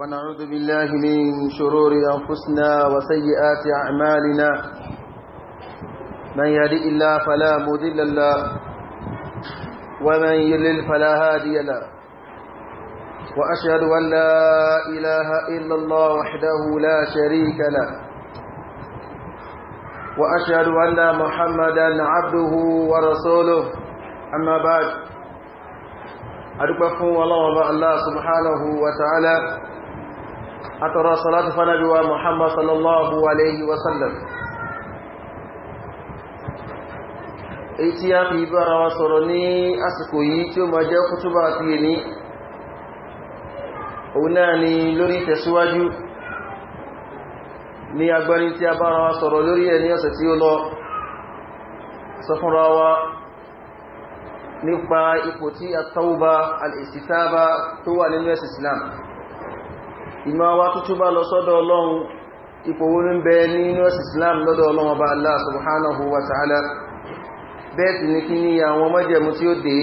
ونعوذ بالله من شرور أنفسنا وسيئات أعمالنا من يهدئ الله فلا مذل له ومن يلل فلا هادي له وأشهد أن لا إله إلا الله وحده لا شريك له وأشهد أن محمدا عبده ورسوله أما بعد أدب الله الله سبحانه وتعالى àtọ̀rọ̀ salatu fanabiwa muhammad sallallahu alayhi wa sallam èyí tí a fi bára wa sọ̀rọ̀ ní àsìkò yìí tí ó ma jẹ́ kútúbà tí è ní òun náà ni lórí tẹ̀síwájú ní agbárí tí a bára wa sọ̀rọ̀ lórí ẹ̀ ní ọ̀sẹ̀ tí ó lọ sọfúnra wa nípa ipò tí at-tawba ìmọ̀ wa tútù bá lọ sọ́dọ̀ ọlọ́run ìpòwó ní bẹ nínú ẹ̀sì islam lọ́dọ̀ ọlọ́run ọba allah subhanahu wa ta'ala bẹ́ẹ̀ sì ní kí ní àwọn mọ́jẹ̀mú tí ó dé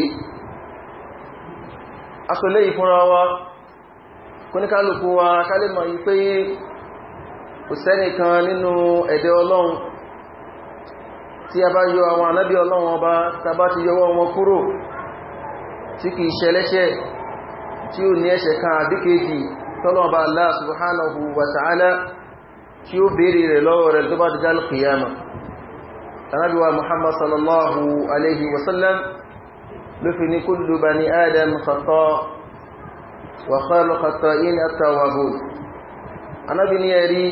asọlé ìfúnra wa kóníkálùkù wa kálẹ̀mọ̀ yí pé kò sẹ́nìkan nínú ẹ̀dẹ́ ọlọ́run ní ẹ̀ṣẹ̀ kan àbíkèjì tọ́lọ̀ọba Allah subhanahu wa ta'ala tí ó bèèrè rẹ̀ lọ́wọ́ rẹ̀ tó bá ti dal qiyama tanabiwa muhammad sallallahu alaihi wasallam ló fi ní kullu bani adam khata wa khairu khata'in at-tawwabun anábi ni ẹ̀rí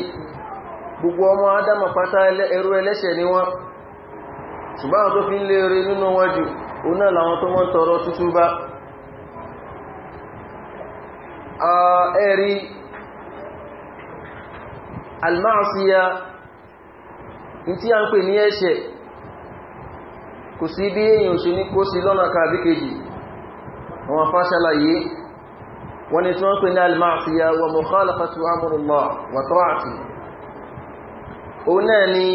gbogbo ẹ̀rí almáàsíyà tí a ń pè ní ẹ̀ṣẹ̀ kò sí bí èyàn ṣe ní kó sí lọ́nà kàbí kejì wọn fásàlá yìí wọ́n ni tí wọ́n pè ní almáàsíyà wa mukhalafatu amrillah wa ta'ati òun náà ni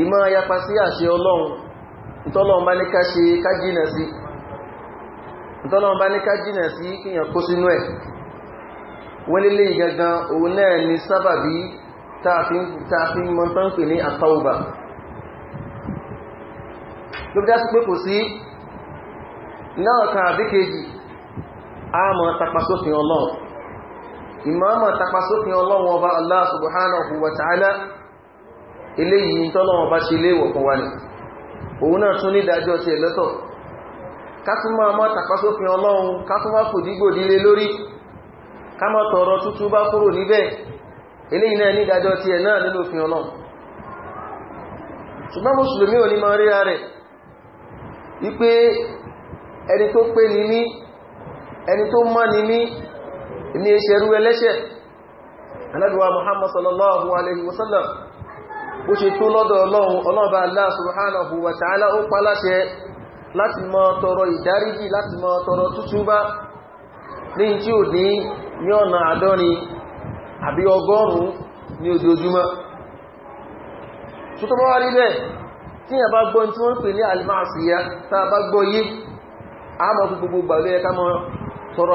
ìmọ̀ ní ká ṣe ká jìnà sí ìtọ́lọ́wọ́n bá ní ká jìnà sí kíyàn kó sínú ẹ̀ wọ́n lélé ìgangan òun náà ni sábàbí tààfí mọ́tánpì ní àtàwùbà ló bí dásí pé kò sí náà kan àbíkejì àmọ́ tapasófin ọlọ́run ìmọ́mọ̀ tapasófin ọlọ́run ọba Allah subhanahu wa ta'ala eléyìí tọ́lọ́wọ́n bá ṣe léèwọ̀ fún wa ní òun náà tún ní kásúnmọ́ ma tàpásófin ọlọ́run kásúnmọ́ kò dígbò dílé lórí kámọ́ tọrọ tútù bá kúrò níbẹ̀ eléyìí náà ní ìdájọ́ ti ẹ̀ náà nínú òfin ọlọ́run ṣùgbọ́n mùsùlùmí ò ní mọ ríra rẹ̀ wípé ẹni tó pé ni mí ẹni tó mọ́ ni mí ní ẹṣẹ̀rú e ẹlẹ́ṣẹ̀ aládùwà Muhammad sallallahu alaihi wasallam bó ṣe tó lọ́dọ̀ ọlọ́run láti mọ tọrọ ìdáríjì láti mọ tọrọ tútúbá ní tí ò ní ní ọ̀nà àádọ́rin àbí ọgọ́rùn-ún ní ojoojúmọ́ tó tọ́bọ́ wá rí bẹ́ẹ̀ tí a bá gbọ́ tí wọ́n pè ní alìmáàsíyá tá a bá gbọ́ yí a mọ̀ fún gbogbo gbàlú ẹka mọ́ tọrọ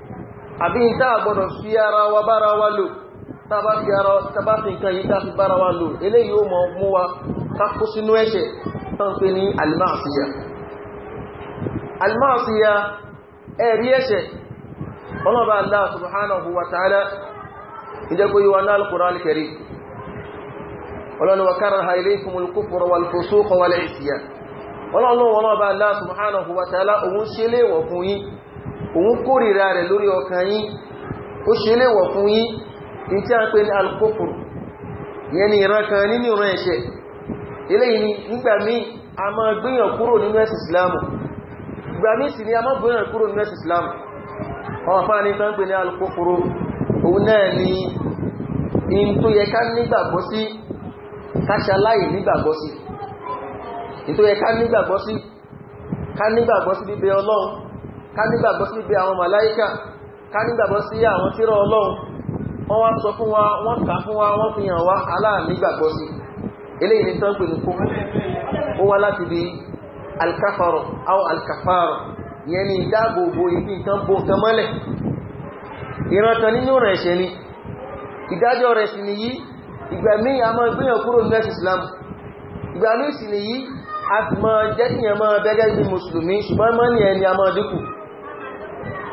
àbí ìta àgbọ̀dọ̀ fi ara wa bára wa lò tàbá fi ara tàbá fi nǹkan yìí tàbí bára wa lò eléyìí ó mọ̀ mú wa kákó sínú ẹ̀ṣẹ̀ tán pé ní alìmáàsíyà alìmáàsíyà ẹ̀rí ẹ̀ṣẹ̀ ọlọ́bà Allah subhanahu wa ta'ala ìjẹ́kó yíwa náà al-Qur'an òun korira rẹ̀ lórí ọkàn yín ó ṣe léwọ̀ fún ní tí a ń pè ní alkófòrò yẹn ni ìran kan nínú ìran ẹ̀ṣẹ̀ eléyìí nígbà a ma gbéyàn kúrò nínú ẹ̀sìn islamu ìgbà míì ni a máa kúrò nínú islamu ọmọ ní tán pè ní alkófòrò òun náà ni in tó yẹ ká nígbàgbọ́ sí káṣaláì nígbàgbọ́ sí yẹ ká nígbàgbọ́ ká nígbàgbọ́ sí bí àwọn màláíkà ká nígbàgbọ́ sí àwọn tírà ọlọ́run wọ́n wá sọ fún wa wọ́n kà fún wa wọ́n fi hàn wá aláànígbàgbọ́ sí eléyìí ní tán pèlú kó ó wá láti bí alkafaro au alkafaro yẹn ni ìdáàbòbò ìfi nǹkan bo nǹkan mọ́lẹ̀ ìrànkan nínú rẹ̀ ṣe ni ìdájọ́ rẹ̀ sì ni yìí ìgbà míì a máa gbéyàn kúrò ní ẹ̀sìn ìgbà míì sì ni yìí a máa jẹ́ kí yẹn máa bẹ́gẹ́ bí mùsùlùmí ṣùgbọ́n mọ́ni ẹni a máa dínkù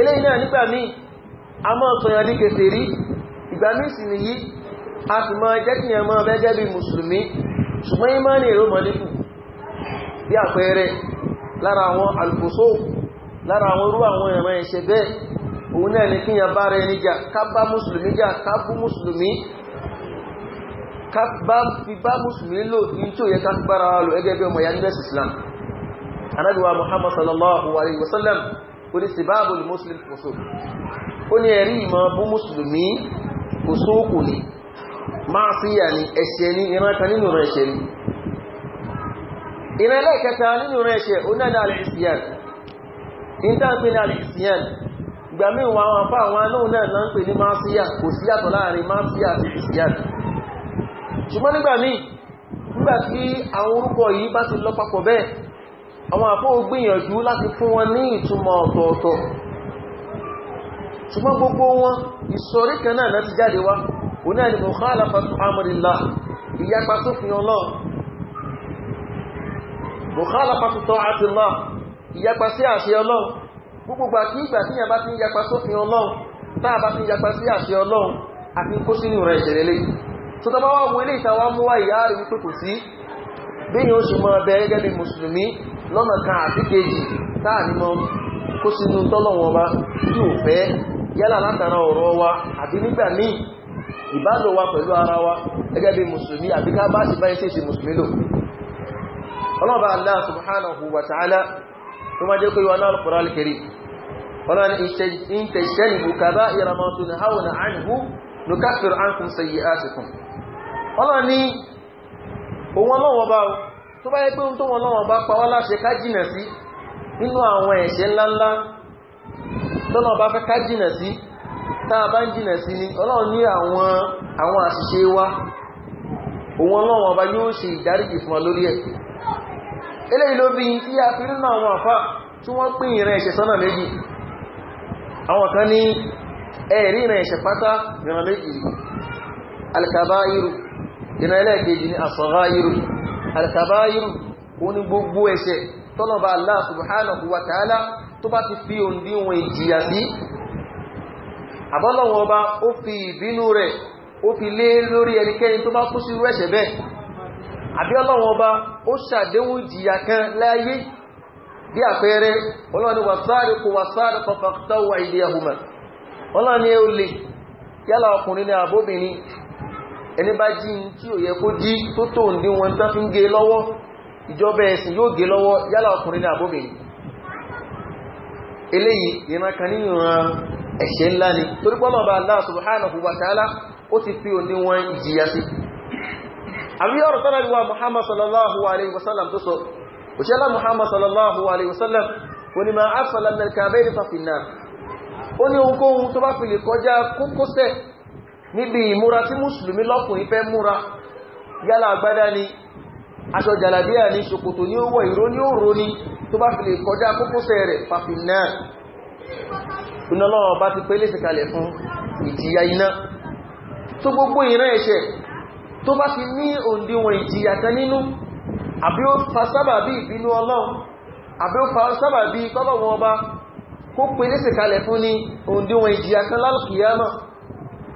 eléyìí náà nígbà míì a máa sọyàn ní kèfèrí ìgbà míì sì nìyí a sì máa jẹ́ kí ẹmọ gẹ́gẹ́ bí mùsùlùmí ṣùgbọ́n yí máa ní èrò mọ̀ nípù bí àpẹẹrẹ lára àwọn alùpùsọ́ lára àwọn irú àwọn ẹ̀mọ ẹ̀ṣẹ̀ bẹ́ẹ̀ òun náà ni kíyàn bá rẹ níjà ká bá mùsùlùmí jà ká bú mùsùlùmí ká ní tí ó ní sibáàbù muslim kòsò ó ní ẹ̀rí ìmọ̀ bú mùsùlùmí kòsò kò ní máa sí yà ní ẹ̀ṣẹ̀ ní ìran kan nínú rẹ̀ ẹ̀ṣẹ̀ ní ìran ẹlẹ́ẹ̀kẹta nínú rẹ̀ ẹ̀ṣẹ̀ ó náà dáa lẹ́sìyàn ìtànpé náà lẹ́sìyàn ìgbà míì wọn àwọn afá àwọn anóhùn náà náà ń yìí bá ti lọ bẹ́ẹ̀ àwọn àfọ́ gbìyànjú láti fún wọn ní ìtumọ̀ ọ̀tọ̀ọ̀tọ̀ ṣùgbọ́n gbogbo wọn ìsọ̀rí kan náà láti jáde wá oní ẹni mukhalafatu amrillah ìyapa tó fi ọlọ́run mukhalafatu ta'atillah ìyapa sí àṣẹ ọlọ́run gbogbo àti ìgbà tí yàn bá ti ń yapa sófin ọlọ́run táà bá ti ń yapa sí àṣẹ ọlọ́run àti kó sínú rẹ̀ ìṣẹ̀lẹ̀ lé tó tọ́ bá bí yóò ṣe mọ́ ọbẹ̀ gẹ́gẹ́ bí mùsùlùmí lọ́nà kan àti kejì táà ní mọ́ kó sínú tọ́lọ̀wọ̀n ọba tí ò fẹ́ yálà látara ọ̀rọ̀ wa àbí nígbà míì ìbálò wa pẹ̀lú ara wa gẹ́gẹ́ bí mùsùlùmí àbí ká bá sì sí mùsùlùmí lò Allah subhanahu wa ta'ala tó máa jẹ́ pé wọn náà na alìkiri wọn ni na hau na tó bá yẹ pé ohun wọn lọ́wọ́ bá pa láṣẹ ká jìnà sí nínú àwọn ẹ̀ṣẹ̀ ńláńlá tọ́nà bá fẹ́ ká jìnà sí táà bá ń jìnà sí ni ọlọ́run ní àwọn àwọn àṣìṣe òun ọlọ́run ọba yóò ṣe ìdáríjì fún wa ẹ̀ a fi nínú àwọn àfá tí wọ́n pín ìrìn ẹ̀ṣẹ̀ sọ́nà méjì àwọn kan ní ẹ̀rí ìrìn ẹ̀ṣẹ̀ pátá ìrìn méjì alkabairu ìrìn ẹlẹ́ẹ̀kejì alkabayiru ó ní gbogbo ẹ̀ṣẹ̀ tọ́lọ̀bà Allah subhanahu wa ta'ala tó bá ti fi òǹdíwọ̀n ìjìyà sí àbọ́lọ́wọ́ ọba ó fi ìbínú rẹ̀ ó fi lé lórí ẹnikẹ́ni tó bá kú sí irú ẹ̀ṣẹ̀ bẹ́ẹ̀ àbí ọlọ́wọ́ ọba ó ṣàdéhùn ìjìyà kan láyé bí àpẹẹrẹ ọlọ́ni ẹni bá jí ní tí ò yẹ kó jí tó tó ń dín wọn tán fi ń gé lọ́wọ́ ìjọba ẹ̀sìn yóò gé lọ́wọ́ yálà ọkùnrin ní àbóbìnrin eléyìí ìran kan nínú ìran ẹ̀ṣẹ̀ ńlá ni torí pọ́ mọ̀bá Allah subhanahu wa ta'ala ó ti fi òní wọn ìjìyà sí àbí ọ̀rọ̀ wa Muhammad sallallahu alaihi wasallam tó sọ òṣèlá Muhammad sallallahu ó ní ohunkóhun tó bá níbi ìmúra tí mùsùlùmí lọ́kùnrin fẹ́ múra yálà agbádá ni aṣọ jàlàbíà ni ṣòkòtò ní ó wọ̀ ìró ní ó rò ní tó bá fi lè kọjá kókósẹ̀ rẹ̀ fàfin náà ìnàlọ́wọ́ bá ti pé léṣe kalẹ̀ fún ìjìyà iná tó gbogbo ìran ẹ̀ṣẹ̀ tó bá ti ní òǹdíwọ̀n ìjìyà kan nínú àbí ó fa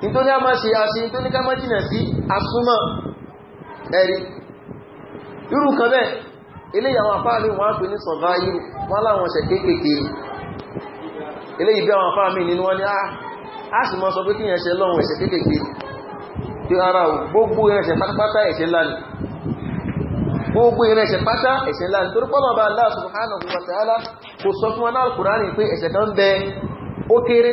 nítorí a máa ṣe àṣe nítorí ká máa jìnà sí asúnmọ́ ẹ̀rí irú kan bẹ́ẹ̀ eléyìí àwọn àfáàmì wọ́n á pè ní sọ̀vá irú wọ́n láwọn ṣẹ̀ kéékèèké eléyìí bí àwọn àfáàmì nínú wọn ni ah, a sì máa sọ pé kí yẹn ṣe lọ́wọ́ ẹ̀ṣẹ̀ wa ta'ala kò sọ fún wọn náà Kùránì pé ẹ̀ṣẹ̀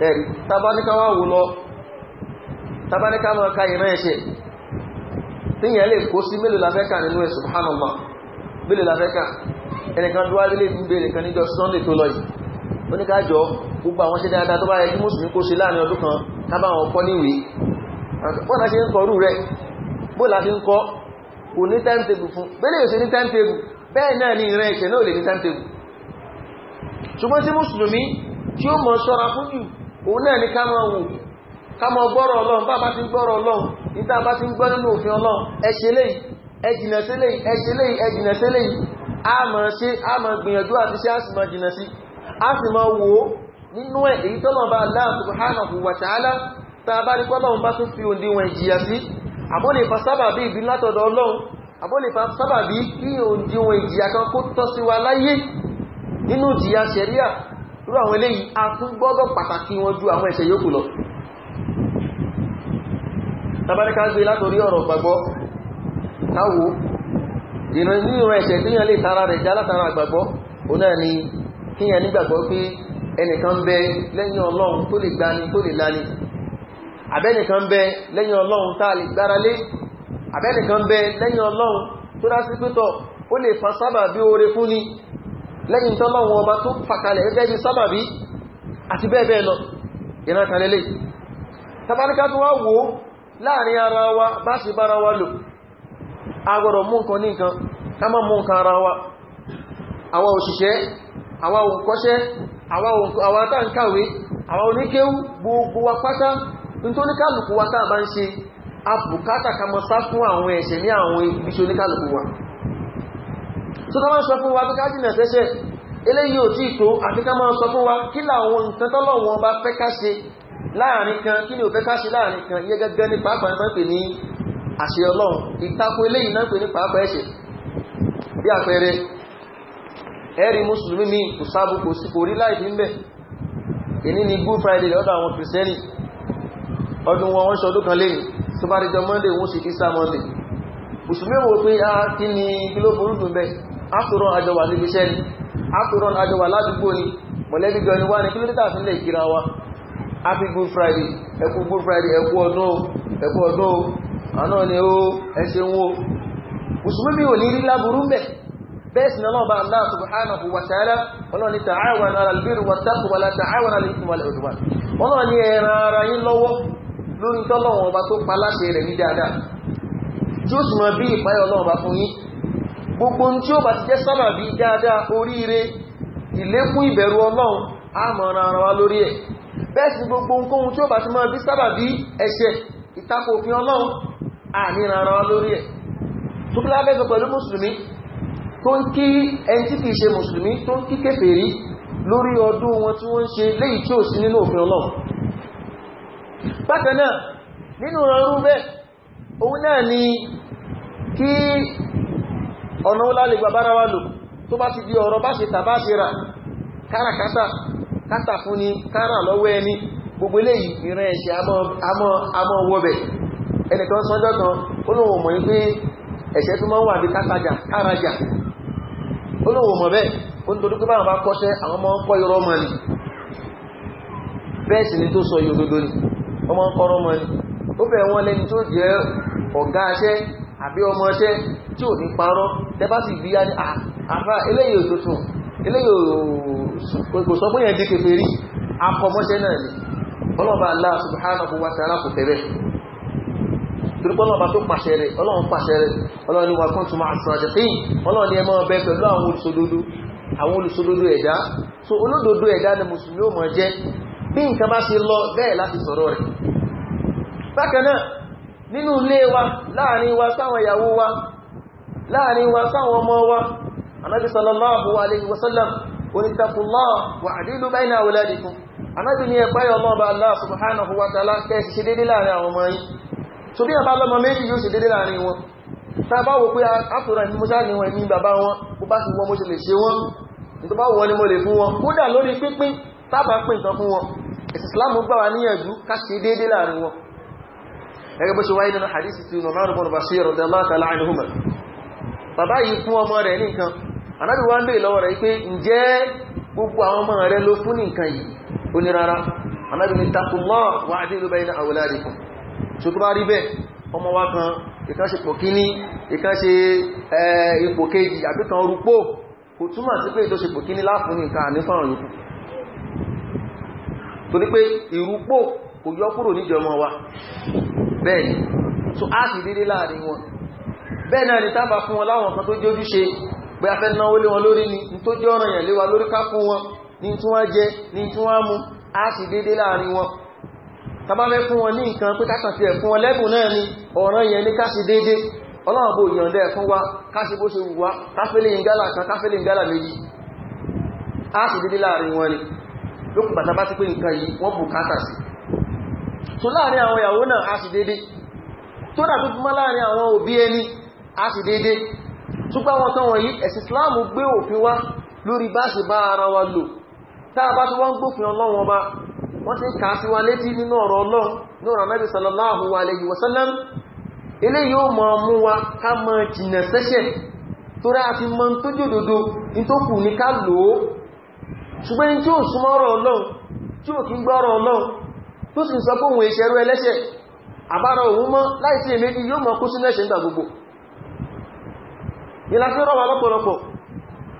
ẹ̀rí tàbáníkáwà wò lọ tàbáníkáwà ká ìran ẹ̀ṣẹ̀ tí yẹn lè kó sí mélòó lafẹ́kà nínú ẹ̀ subhanallah mélòó lafẹ́kà ẹnìkan tó wá lè gbé nìkan níjọ sunday tó lọ yìí oníkájọ gbogbo àwọn ṣe dáadáa tó bá yẹ kí mùsùlùmí kó ṣe láàrin ọdún kan kábà wọn kọ́ níwèé wọ́n náà ṣe ń kọrú rẹ̀ bó la fi ń kọ́ kò ní timetable fún bẹ́lẹ̀ yóò ṣe ní timetable bẹ́ẹ̀ náà ní ìran ẹ̀ṣẹ̀ náà lè ní timetable ṣùgbọ́n tí mùsùlùmí tí ó mọ̀ ṣọ́ra fún jù òun náà ní ká máa wù ká máa gbọ́rọ̀ ọlọ́run bá bá ti gbọ́rọ̀ ọlọ́run níta bá ti gbọ́ nínú òfin ọlọ́run ẹ ṣe léyìí ẹ jìnà sí léyìí ẹ ṣe léyìí ẹ jìnà sí léyìí a máa ṣe a máa gbìyànjú àti ṣe a sì máa jìnà sí a sì máa wò ó nínú ẹ̀ wa ta'ala tá a bá rí irú àwọn eléyìí a tún gbọ́dọ̀ pàtàkì wọn ju àwọn ẹ̀ṣẹ̀ yòókù lọ tàbáríká tara o ni nígbàgbọ́ pé ẹnìkan bẹ lẹ́yìn ọlọ́run tó lè gbani tó lè lani àbẹ́nìkan bẹ lẹ́yìn ọlọ́run tá lè gbáralé àbẹ́nìkan bẹ lẹ́yìn ọlọ́run tó pẹ́tọ̀ ó lè fa sábà bí oore fún lẹ́yìn tọ́lọ́ wọn ọba tó fàkalẹ̀ gẹ́gẹ́ bí sábàbí àti bẹ́ẹ̀ lọ ìrànkalẹ̀lẹ̀ tàbáríká tó wá wò láàrin ara wa bá sì bára wa lò agbọ́dọ̀ mú nǹkan ní nǹkan mú nǹkan ara wa àwa òṣìṣẹ́ àwa òǹkọ́ṣẹ́ àwọn tó tọ́lá sọ fún wa tó ká jìnà sẹ́sẹ̀ eléyìí ò tí tó àti ká máa sọ fún wa kí làwọn nǹkan tọ́lọ̀ wọn bá fẹ́ ká ṣe láàrin kan kí ni ò fẹ́ ká ṣe láàrin kan iye gẹ́gẹ́ ní pàápàá ẹ̀fẹ́ pè ní àṣẹ friday lọ́dọ̀ àwọn kìrìsìtẹ́nì ọdún wọn wọ́n ṣọdún kan lẹ́yìn tó bá rí jọ monday wọ́n sì kí sá monday mùsùlùmí wo pé a ah, kí ni kí ló burú dùn àtúrọ̀ àjọ wà níbi iṣẹ́ ni àtúrọ̀ àjọ ni mọ̀lẹ́bí gan ni wá ní kílódítà sílẹ̀ wa happy good friday ẹkú good friday ẹkú ọdún ẹkú ọdún ni ó ẹṣẹ́ wó mùsùlùmí ò ní rí láburú mẹ́ bẹ́ẹ̀ sí náà bá Allah subhanahu wa wa gbogbo tí ó bá ti jẹ́ sábà bí dáadáa oríire ìlékún ìbẹ̀rù ọlọ́run a mọ̀ ran ara wa lórí ẹ̀ bẹ́ẹ̀ sì gbogbo tí ó bá ti máa bí sábà bí ẹ̀ṣẹ̀ ìtakò òfin ọlọ́run a ní ara wa lórí ẹ̀ tó kí lábẹ́sọ pẹ̀lú mùsùlùmí tó ń kí ẹni mùsùlùmí tó ń kí lórí ọdún wọn tí wọ́n ọ̀nà wọ́n lálẹ́ gbàbára wà lò tó bá ti di ọ̀rọ̀ bá ṣe tàbá ṣe rà káràkátà kátà fún ni kárà lọ́wọ́ ẹni gbogbo eléyìí ìran ẹ̀ṣẹ̀ àmọ́ wọ́bẹ̀ ẹnìkan sọ́jọ́ kan olóhùn mọ̀ pé ẹ̀ṣẹ̀ tó máa ń wà bí kátajà kárajà olóhùn ni bẹ́ẹ̀ sì ọ̀gá aṣẹ́ àbí ọmọ ṣẹ́ tí ò ní parọ́ tẹ́bá sì bí yáni àfá eléyìí òtútùn eléyìí kò sọ pé yẹn di kèfèrí akọmọṣẹ́ náà ni ọlọ́ba Allah subhanahu wa ta'ala kò tẹ̀rẹ̀ torípọ́lọ́ba tó pàṣẹ rẹ̀ ọlọ́run pàṣẹ rẹ̀ ni wà kún túnmọ̀ àṣàjẹ̀fín ni ẹ máa bẹ pẹ̀lú àwọn olùsòdodo àwọn so olódodo ẹ̀dá ni mùsùlùmí ó mọ̀ jẹ́ bí nǹkan bá ṣe lọ bẹ́ẹ̀ láti sọ̀rọ̀ rẹ̀ nínú ilé wa láàrin wa sáwọn ìyàwó wa láàrin wa sáwọn ọmọ wa anábi sallallahu alaihi wasallam onítàkùnlá wà àdílù báyìí àwọlẹ́dìkún anábi ni ẹ̀pá ọmọ ọba Allah subhanahu wa ta'ala kẹsì ṣe dédé láàrin àwọn ọmọ yìí so bí àbá lọ́mọ méjì yóò ṣe dédé láàrin wọn ta ní gẹ́gẹ́ bó ṣe wáyé nínú hadisi tí Nu'man ibn Bashir radiyallahu ta'ala anhuma bàbá yìí fún ọmọ rẹ̀ nìkan anábì wá ń bèèrè lọ́wọ́ rẹ̀ pé ǹjẹ́ gbogbo àwọn ọmọ rẹ̀ ló fún nìkan yìí ó ní rárá anábì ní wa kan ìkan ṣe pòkíní ìkan ṣe kan kò yọ kúrò níjọmọ wa bẹ́ẹ̀ ni so a sì dédé láàrin wọn bẹ́ẹ̀ náà ni tábà fún wọn láwọn kan tó jẹ́ ojúṣe pé a náwó lé wọn lórí ni tó jẹ́ ọ̀ràn yàn lé wa lórí ká fún wọn ní tí wọ́n jẹ ní tí wọ́n mú a sì dédé láàrin wọn tábà fẹ́ fún wọn ní nǹkan pé ká kàn fún wọn lẹ́bùn náà ni ọ̀ràn yẹn ni ká sì dédé ọlọ́run bó yọ̀ǹda ẹ̀ fún wa káṣe bó ṣe wù wá káfẹ́lẹ̀ ìgálà kan káfẹ́lẹ̀ ìgálà méjì a sì dédé láàrin wọn ni lókùn bàtà tó láàrin àwọn ìyàwó náà a sì dédé tó dà tó túnmọ́ láàrin àwọn òbí ẹni a sì dédé túgbà wọn tán wọ̀nyí ẹ̀sìn Islam gbé òfin wá lórí bá ṣe bá ara wa lò táà bá tó wọ́n gbófin ọlọ́run ọba wọ́n ti kà á sí wa létí nínú ọ̀rọ̀ ọlọ́run ní ọ̀rọ̀ sallallahu alayhi wa sallam eléyìí ó mọ̀ mú wa a ti mọ̀ tó jòdòdó in tó kù ní ká lòó ṣùgbọ́n tí ó súnmọ́ tó sì sọ pé òun ìṣẹ̀rú ẹlẹ́ṣẹ̀ àbára òun mọ́ láìsí èméjì yóò mọ̀ kú sínú ẹ̀ṣẹ̀ nígbà gbogbo ìlàfí rọ̀wà lọ́pọ̀lọpọ̀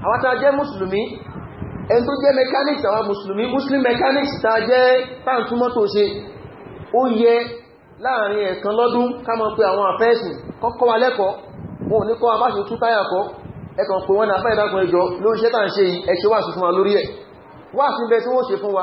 àwọn tá a jẹ́ mùsùlùmí ẹn tó jẹ́ mechanics àwọn mùsùlùmí muslim mechanics tá a jẹ́ táǹtúmọ́tò ṣe ó yẹ láàrin ẹ̀kan lọ́dún ká mọ̀ pé àwọn àfẹ́ẹ̀sì kọ́kọ́ wa lẹ́kọ̀ọ́ wọn ò ní kọ́ abáṣe tú táyà kọ́ ẹkàn pé wọ́n nàfẹ́ ìdágun ẹjọ́ ló ń ṣe tàà ń ṣe ẹ̀ṣẹ́ wà sí fún wa lórí ẹ̀ wà sí bẹ tí wọ́n ṣe fún wa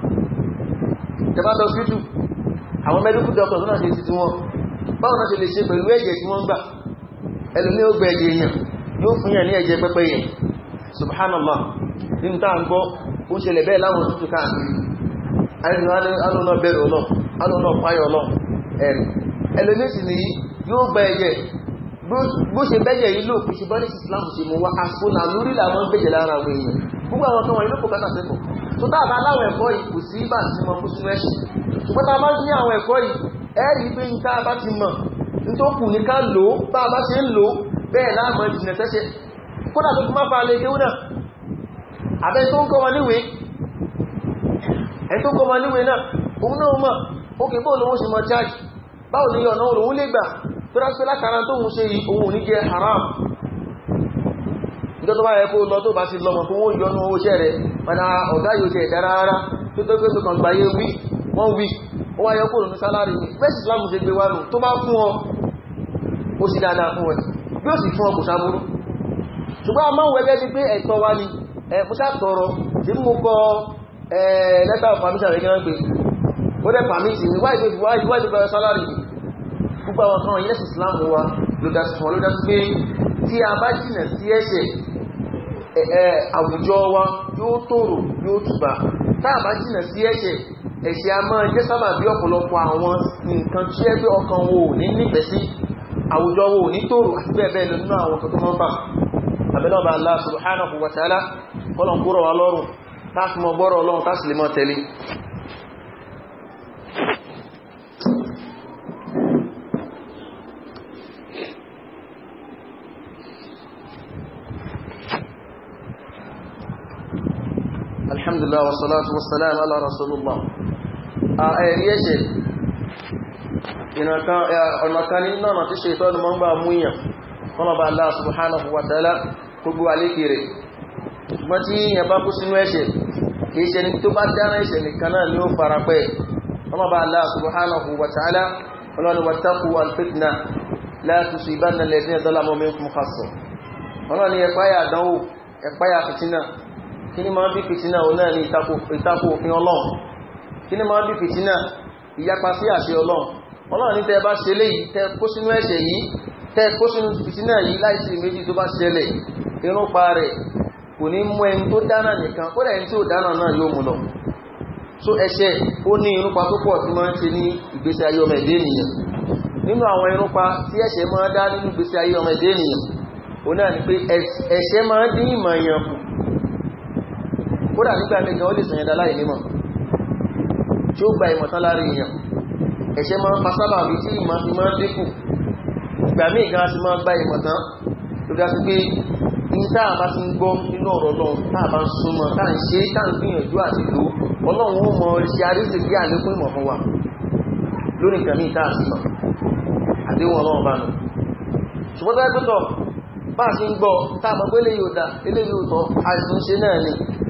tẹbá lọ sí àwọn medical doctors náà ṣe ti tí wọn báwọn náà ṣe lè ṣe pẹ̀lú ẹ̀jẹ̀ tí wọ́n gbà ẹlòmí ó gbẹ ẹ̀jẹ̀ èèyàn yóò fún yàn ní ẹ̀jẹ̀ pẹ́pẹ́ yẹn subhanallah nínú tàà ń gbọ́ ó ṣẹlẹ̀ bẹ́ẹ̀ láwọn òtútù káàkiri alónà tó tá àbá láwọn ẹ̀kọ́ yìí kò sí ìgbà tí mo fún ẹ̀ṣì ṣùgbọ́n tá a bá ní àwọn ẹ̀kọ́ yìí ẹ̀rí pé tá a bá ti mọ̀ ní kù ní ká lò ó bá a bá ṣe ń lò ó bẹ́ẹ̀ láàmọ́ ìjìnlẹ̀ tẹ́ṣẹ́ kódà tó fi má fa alẹ́ náà àbẹ́ tó ń kọ́ wọn níwèé ẹ̀ tó haram ìjọ tó bá rẹ kó lọ tó bá sí lọmọ fún wọ́n yọnú owó iṣẹ́ rẹ̀ padà ah, ọ̀gá yóò tẹ̀ dára rárá tó tó gbẹ́sù kan gbáyé wí wọ́n wí ó wáyé kúrò ní sálárì ní bẹ́ẹ̀sì wa ni ẹ̀múṣà tọrọ tí mú kọ lẹ́tà pàmíṣà rẹ̀ gẹ́gẹ́ pé ó dẹ̀ pàmíṣì ní wáyé pé wáyé pé sálárì gbogbo àwọn kan yẹ́sì islam wa ló dá sí fún ọ ló dá sí pé tí a bá jìnà sí ẹ̀ṣẹ̀ àwùjọ wa yóò tòrò yóò tùbà táàbá jìnà sí ẹ̀ṣẹ̀ ẹ̀ṣẹ̀ a máa jẹ́ sábà bí awọn àwọn nǹkan tí ẹgbẹ́ ọkàn wo ní nífẹ̀ẹ́ sí àwùjọ wo ní tòrò àti bẹ́ẹ̀ bẹ́ẹ̀ nínú àwọn tó mọ́ bà àbẹ́lọ́bà alhamdulillah wa salatu wa salam ala rasulullah a ẹ̀rí ẹ̀ṣẹ̀ ọ̀nàkan nínú ọ̀nà tí ṣètọ́ ni wọ́n gbà múyàn kọ́nà bá Allah subhanahu wa ta'ala gbogbo alékèrè mọ́ tí yẹn bá kú sínú ẹ̀ṣẹ̀ kìí ṣe ni tó bá dára ẹ̀ṣẹ̀ nìkan náà ni ó fara pẹ́ kọ́nà bá Allah subhanahu wa ta'ala ọlọ́ni wa taqu kí ni máa bí fìtínà òun náà ní ìtakò òfin ọlọ́run kí ni máa bí fìtínà ìyapa sí àṣẹ ọlọ́run ọlọ́run ní tẹ bá ṣe léyìí tẹ kó sínú ẹ̀ṣẹ̀ yìí tẹ kó sínú fìtínà yìí láìsí méjì tó bá ṣẹlẹ̀ irúpa rẹ̀ kò ní mú ẹni tó dáná nìkan kó dẹ̀ ẹni tí ò dáná náà yóò mú lọ so ẹ̀ṣẹ̀ ó ní irúpa tó pọ̀ tí máa ń ṣe ní ìgbésí ayé ọmọ ẹ̀dẹ́ ènìyàn nínú àwọn irúpa tí ẹ̀ṣẹ̀ máa dá nínú ìgbésí ayé ọmọ ẹ̀dẹ́ ènìyàn òun náà ni pé ẹ̀ṣẹ̀ máa dín ìmọ̀ èèyàn kù kódà nígbà mẹ́gbà ó lè sẹ̀yẹ̀ dá láì nímọ̀ tí ó gba ìmọ̀tán láàrin èèyàn ẹ̀ṣẹ̀ máa ń pasábà bí tí ìmọ̀ fi máa ń dínkù ìgbà míì gan sí máa ń gba ìmọ̀tán tó dá sí pé ní táà bá ti ń gbọ́ nínú ọ̀rọ̀ lọ táà bá ń súnmọ́ táà ń ṣe táà ń gbìyànjú àti lò ọlọ́run ó mọ ṣe àríṣì bí àlékún ìmọ̀ fún wa lórí nǹkan ní ìta àti mọ̀ àdéhùn ọlọ́run bá nù ṣùgbọ́n tó bá a ń gbọ́ táà mọ̀ pé eléyìí ò dá eléyìí ò tọ́ àìsàn ṣe náà ni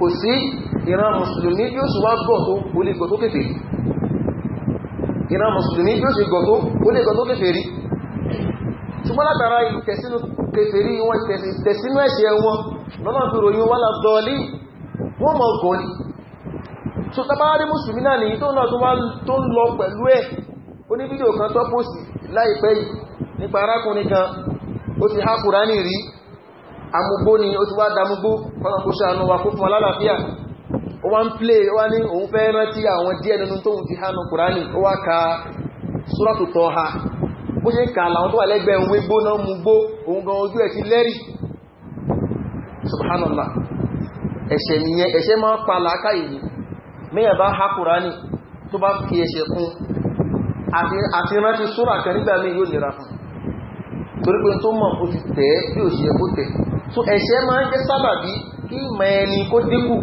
kò sí ìran mùsùlùmí yóò sì wá gọ̀ tó ó lè gọ̀ tó kèfè rí ìran mùsùlùmí yóò sì gọ̀ tó ó lè gọ̀ tó kèfè rí ṣùgbọ́n látara ìtẹ̀sínú kèfè rí wọn ìtẹ̀sínú ẹ̀ṣẹ̀ wọn lọ́nà fi ròyìn wọ́n la dọ̀ọ́lí wọ́n mọ̀ gọ̀ ni tó tàbárí mùsùlùmí náà nìyí tó náà tó ń lọ pẹ̀lú ẹ̀ ó ní fídíò kan tó pòsì láìpẹ́ yìí nípa arákùnrin kan ó ti há kùránì rí amúgbó ni ó ti wá dámúgbó kọ́nàkó ṣàánú wa kó fún alálàáfíà ó wá ń plé wá ní òun fẹ́ rántí àwọn díẹ̀ nínú tóhun ti hánú kùránì ó wá ka súrátù Tọ́ha bó ṣe ń kà láwọn tó wà lẹ́gbẹ̀ẹ́ òun igbó náà mú gbó òun gan ojú ẹ̀ ti lẹ́rì subhanallah ẹ̀ṣẹ̀ nìyẹn ẹ̀ṣẹ̀ ni mẹ́yà bá ha kùránì tó bá torí pé tó mọ̀ ó ti tẹ̀ bí ò ṣe kó tẹ̀ so ẹ̀ṣẹ̀ máa ń jẹ́ sábàbí kí ìmọ̀ ẹni kó dínkù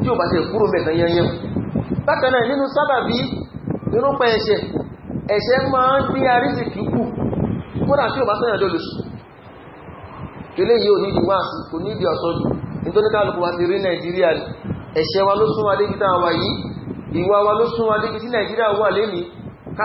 tí ò bá ṣe kúrò mẹ́tàn yẹnyẹn bákan saba bi sábàbí irúpẹ́ ẹ̀ṣẹ̀ ẹ̀ṣẹ̀ máa ń gbé àrísìkí kù kódà tí ò bá sẹ́yàn dọ́lù kele yìí ò ní ìdíwá sí kò ní ìdí ọ̀sọ́ jù nítorí wa ti rí nàìjíríà ẹ̀ṣẹ̀ wa ló sún wa débi tá yìí ìwà wa ló sún wa débi nàìjíríà wà lẹ́ni ká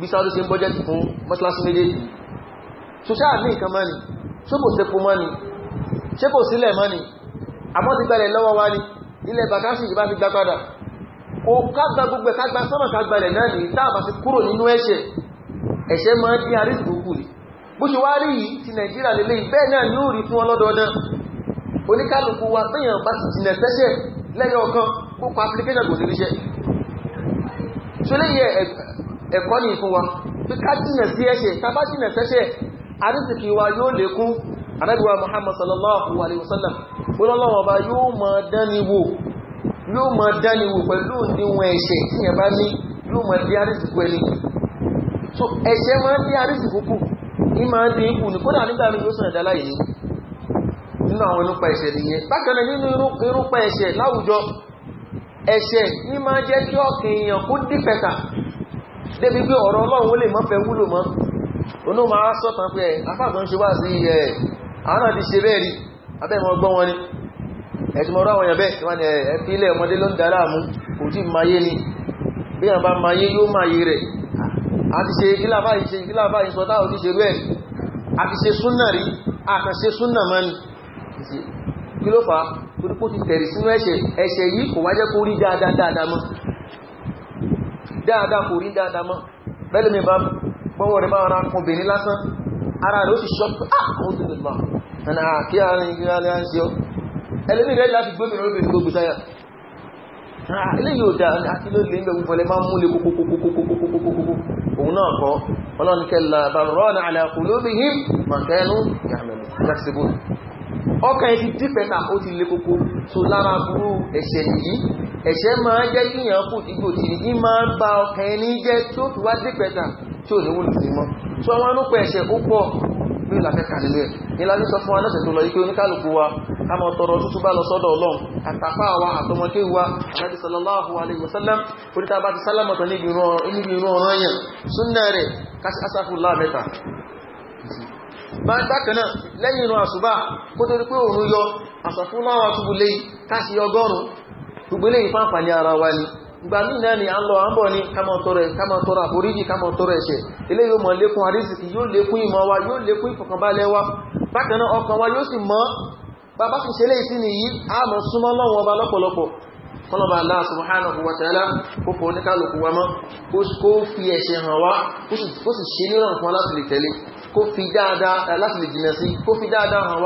bí sáàdù sí budget fún mọ́sílásí méjèèjì so ṣáà ní nǹkan mọ́ni ṣé kò sí fún mọ́ni ṣé kò sílẹ̀ mọ́ni àmọ́ ti gbalẹ̀ lọ́wọ́ wá ní ilẹ̀ bàkáṣì ìbá o kágbà gbogbo kágbà sọ́mọ̀ kágbàlẹ̀ náà ní táàbà ti kúrò nínú ẹ̀ṣẹ̀ ẹ̀ṣẹ̀ máa dín àrísì gbogbo ni bó ṣe wá rí yìí ti nàìjíríà lélẹ̀ bẹ́ẹ̀ náà ní òrí fún ọlọ́dọọdán oníkálùkù wa péyàn bá ti jìnà sẹ́ṣẹ̀ lẹ́yọ ọ̀kan kó pa application ẹ̀kọ́ ní fún wa pí ká jìnà sí ẹ̀ṣẹ̀ tàbá jìnà sẹ́ṣẹ̀ àrísìkí wa yóò lékún anábíwa Muhammad sallallahu alaihi wasallam olóòlọ́wọ́ bá yóò mọ̀ dániwò yóò mọ̀ dániwò pẹ̀lú níwọ̀n ẹ̀ṣẹ̀ tí yẹn bá ní yóò mọ̀ dí àrísìkú ẹni so ẹ̀ṣẹ̀ máa dí àrísìkú kù ní máa dí ikú ní kódà nígbà ní yóò sọ̀rọ̀ dálá yìí nínú àwọn irúpa nìyẹn nínú irúpa láwùjọ ní máa jẹ́ kí ọkàn èèyàn kó débi pé ọ̀rọ̀ ọlọ́run ó lè mọ́ fẹ́ wúlò mọ́ onú ma sọ́tàn pé eh, afáàgbọ́n ṣe wá sí ẹ̀ eh, àwọn àti ṣe bẹ́ẹ̀ rí abẹ́mọ̀ ọgbọ́n wọn ni ẹ̀tí mọ̀rọ̀ àwọn èèyàn bẹ́ẹ̀ tí wọ́n ni eh, ẹ̀fílẹ̀ ọmọdé ló ń dára mú kò tí mayé ni bí wọ́n bá mayé yóò mayé rẹ̀ àti ṣe kí ló fà á ti tẹ̀rì sínú ẹ̀ṣẹ̀ yìí kò wá kó rí dáadáa dáadáa mọ́ dáadáa kò rí dáadáa mọ́ bẹ́lẹ̀ mi bá gbọ́wọ́ rẹ̀ bá ara kọbìnrin lásán ara rẹ̀ ó sì ṣọ́pù òun ah, náà kọ́ ọlọ́run kẹlà bàrọ̀nà àlàkùlóbìhìn màkẹ́nu yàmẹ̀lú ó ti lé kókó so lára burú ẹ̀ṣẹ̀ yìí ẹ̀ṣẹ̀ máa jẹ́ kíyàn kù igbó tí ní máa bá ọkàn ẹni jẹ́ tí fi wá dé tí ò ní wúlò mọ́ tí wọ́n wọ́n nípa ẹ̀ṣẹ̀ ó pọ̀ ní ìlàfẹ́ kàlẹ́lẹ́ ní láti sọ fún aláṣẹ tó lọ yí pé wa ká mọ tọrọ tútù bá lọ sọ́dọ̀ Ọlọ́run àtàpá wa àtọmọdé wa aláṣẹ sallallahu alaihi oríta bá ti gbogbo ilé ìfàǹfàní ara wa ni ìgbà míì náà ni a ń lọ àmbọ̀ ní kama tọrọ àforíjì kama tọrọ ẹ̀ṣẹ̀ ilé yóò mọ̀ lékún àrísìkì yóò lékún ìmọ̀ wa yóò lékún ìfọ̀kànbalẹ̀ wa bákan náà ọkàn wa yóò sì mọ́ bàbá sì ṣe léyìí sí nìyí a mọ̀ súnmọ́ lọ́wọ́ ọba lọ́pọ̀lọpọ̀ kọlọ̀bà Allah subhanahu wa ta'ala kó fọ́ ní kálùkù wa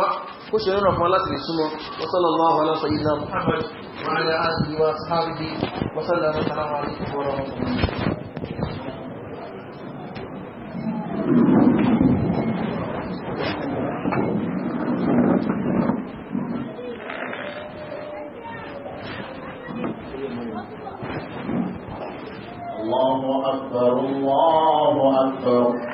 mọ́ kó ṣe rọrùn fún láti lè súnmọ́ wasallallahu ala sayyidina muhammad wa ala alihi wa sahbihi wasallallahu alaihi wa rahmatullahi الله أكبر الله أكبر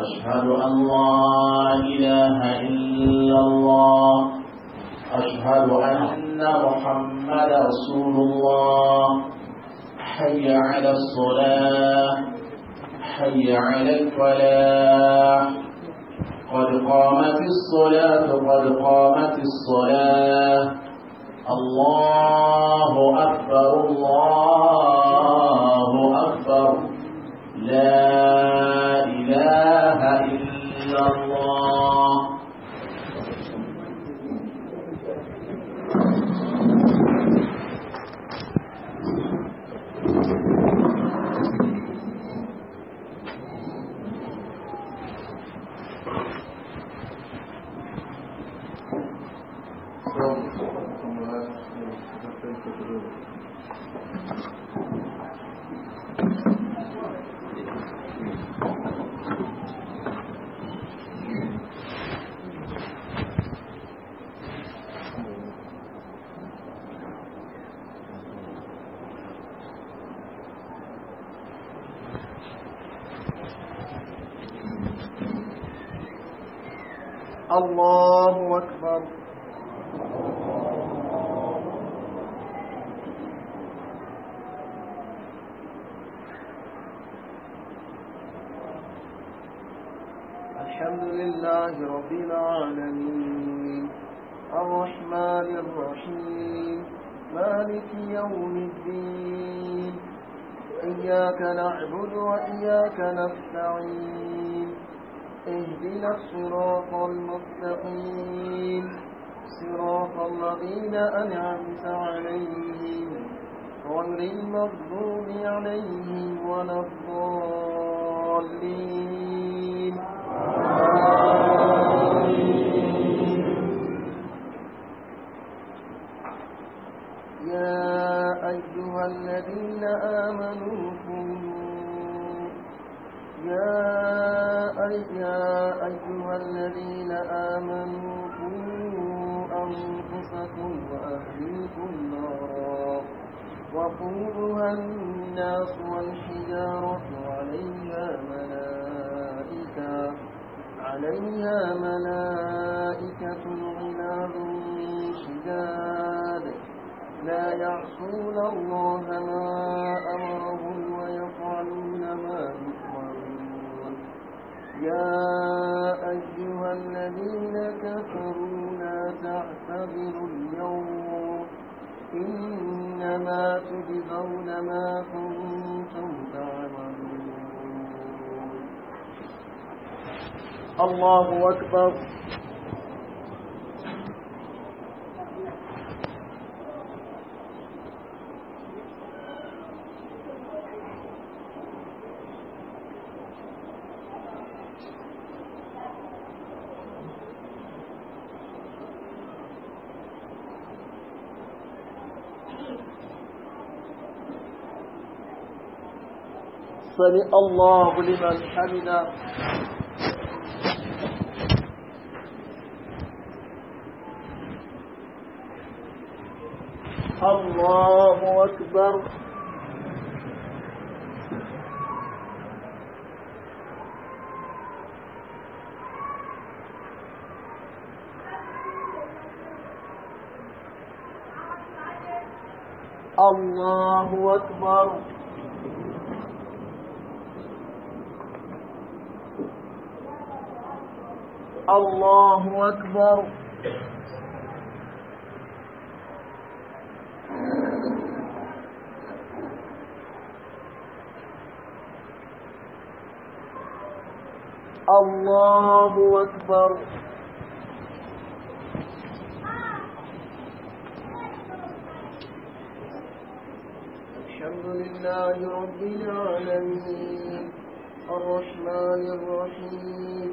أشهد أن لا إله إلا الله أشهد أن محمد رسول الله حي على الصلاة حي على الفلاح قد قامت الصلاة قد قامت الصلاة الله أكبر الله أكبر لا Om um, الله أكبر الحمد لله رب العالمين الرحمن الرحيم مالك يوم الدين إياك نعبد وإياك نستعين اهدنا الصراط المستقيم صراط الذين أنعمت عليهم غير المغضوب عليهم ولا الضالين يا أيها الذين آمنوا كنوا يا يا أيها الذين آمنوا قوا أنفسكم وأهليكم نارا وقودها الناس والحجارة عليها ملائكة عليها ملائكة غلاب شداد لا يعصون الله ما يا أيها الذين كفروا لا تعتبروا اليوم إنما تجزون ما كنتم تعملون الله أكبر سمع الله لمن حمده الله أكبر الله أكبر الله أكبر الله أكبر الحمد لله رب العالمين الرحمن الرحيم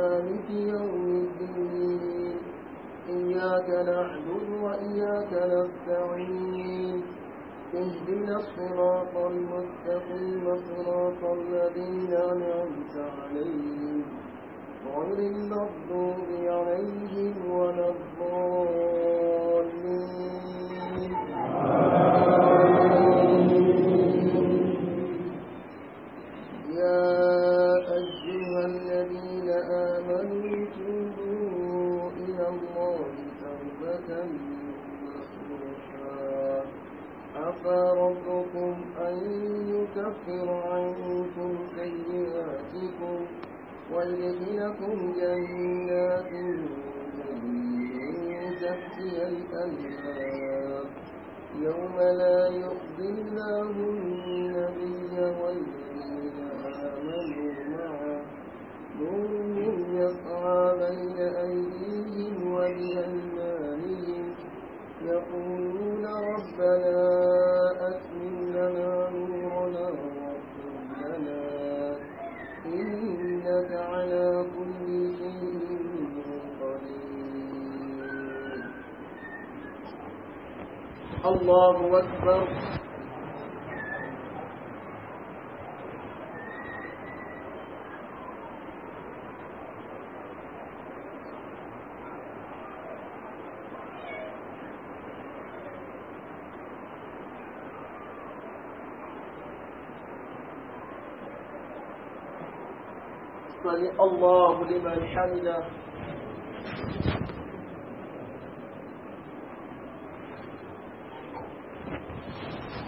مالك يوم الدين إياك نعبد وإياك نستعين اهدنا الصراط المستقيم صراط الذين أنعمت عليهم غير المغضوب عليهم ولا الضالين عسى ربكم أن يكفر عنكم سيئاتكم ويدخلكم جنات من تحتها الأنهار يوم لا يخزي الله النبي والذين آمنوا معه نورهم يسعى بين أيديهم وبأيمانهم يقولون ربنا الله أكبر الله لمن حمده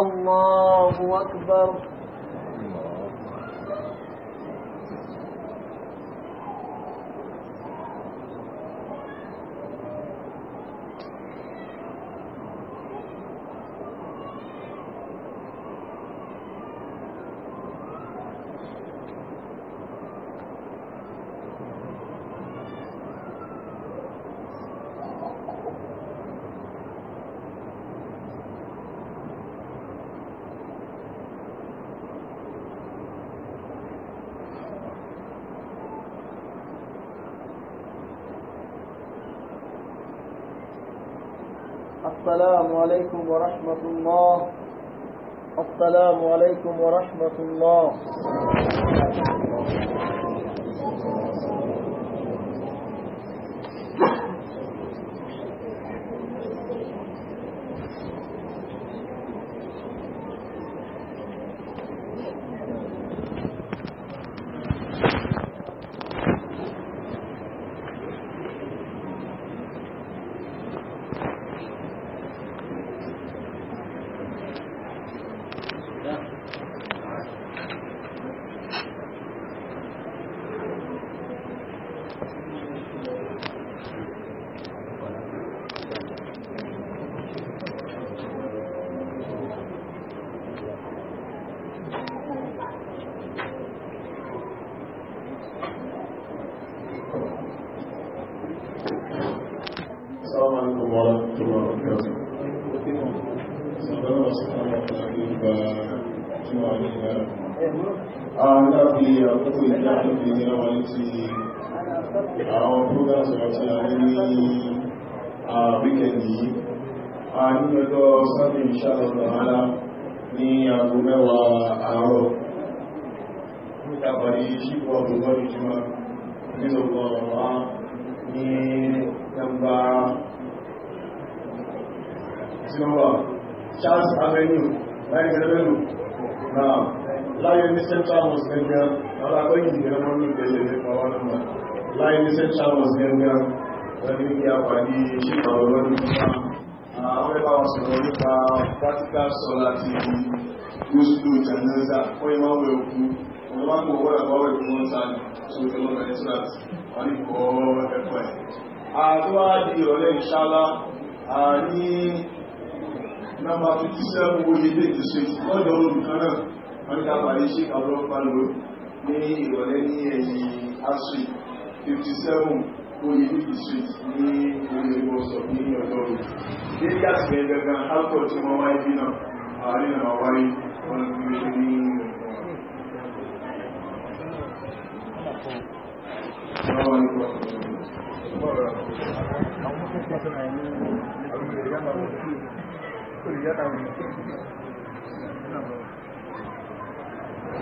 الله أكبر السلام عليكم ورحمة الله السلام عليكم ورحمة الله àkókò ìdáhùn ìrìnà wọlé ti àwọn programs ọ̀tí àárín ní àwíkẹ̀ndì yìí a ní ọjọ́ sunday inshallah ta'ala ní aago mẹ́wàá àárọ̀ nígbàbàrí ṣíkọ̀ ọ̀gbọ̀gbọ̀ ìjìmá nílòpọ̀ ọ̀rọ̀ ní nàmbà tí ó wà Charles Avenue láìpẹ̀lẹ́lú náà láyé ní central mosque alákọ́yìn ìgbẹ̀rẹ̀ wọ́n ní ìgbẹ̀lẹ̀ nípa wọn náà láì ní central was gangan wọ́n ní kí a pàdé ṣípa ọ̀rọ̀ nípa àwọn ẹbá wọn sọ̀rọ̀ nípa practical solar ti gúúsù jẹ̀nẹ́sà fún ìmọ̀wé òkú wọ́n wá kò wọ́n ẹ̀kọ́ wẹ̀ fún sáàdì tó tó lọ́nà ìtúrásì wọ́n ní kọ́ ẹ̀kọ́ ẹ̀ àtúwádìí ìrọ̀lẹ́ ìṣálá ní nọ́mbà 57 wo ilé ìtìsí lọ́dọ̀ olùkanáà wọ́n ní ká pàdé ṣípa ọlọ́pàá ní ìrọ̀lẹ́ ní ẹ̀yìn asui 57 oyè níbi street ní oyè bọ́sọ̀ ní ọjọ́ rẹ̀ dédé alcohol tí wọ́n wáyé bí náà àwọn ní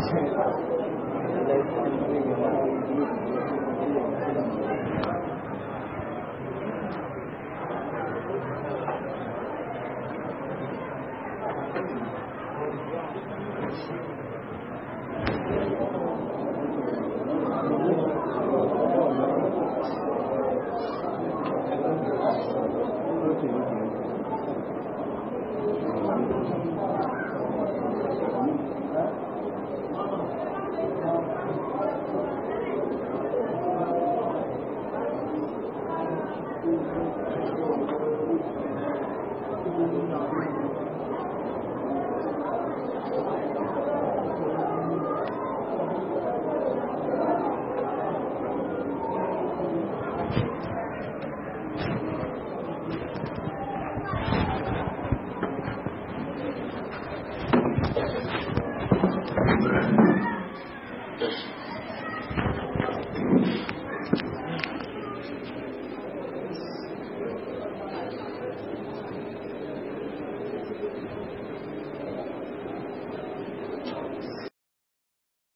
విషయం కాదు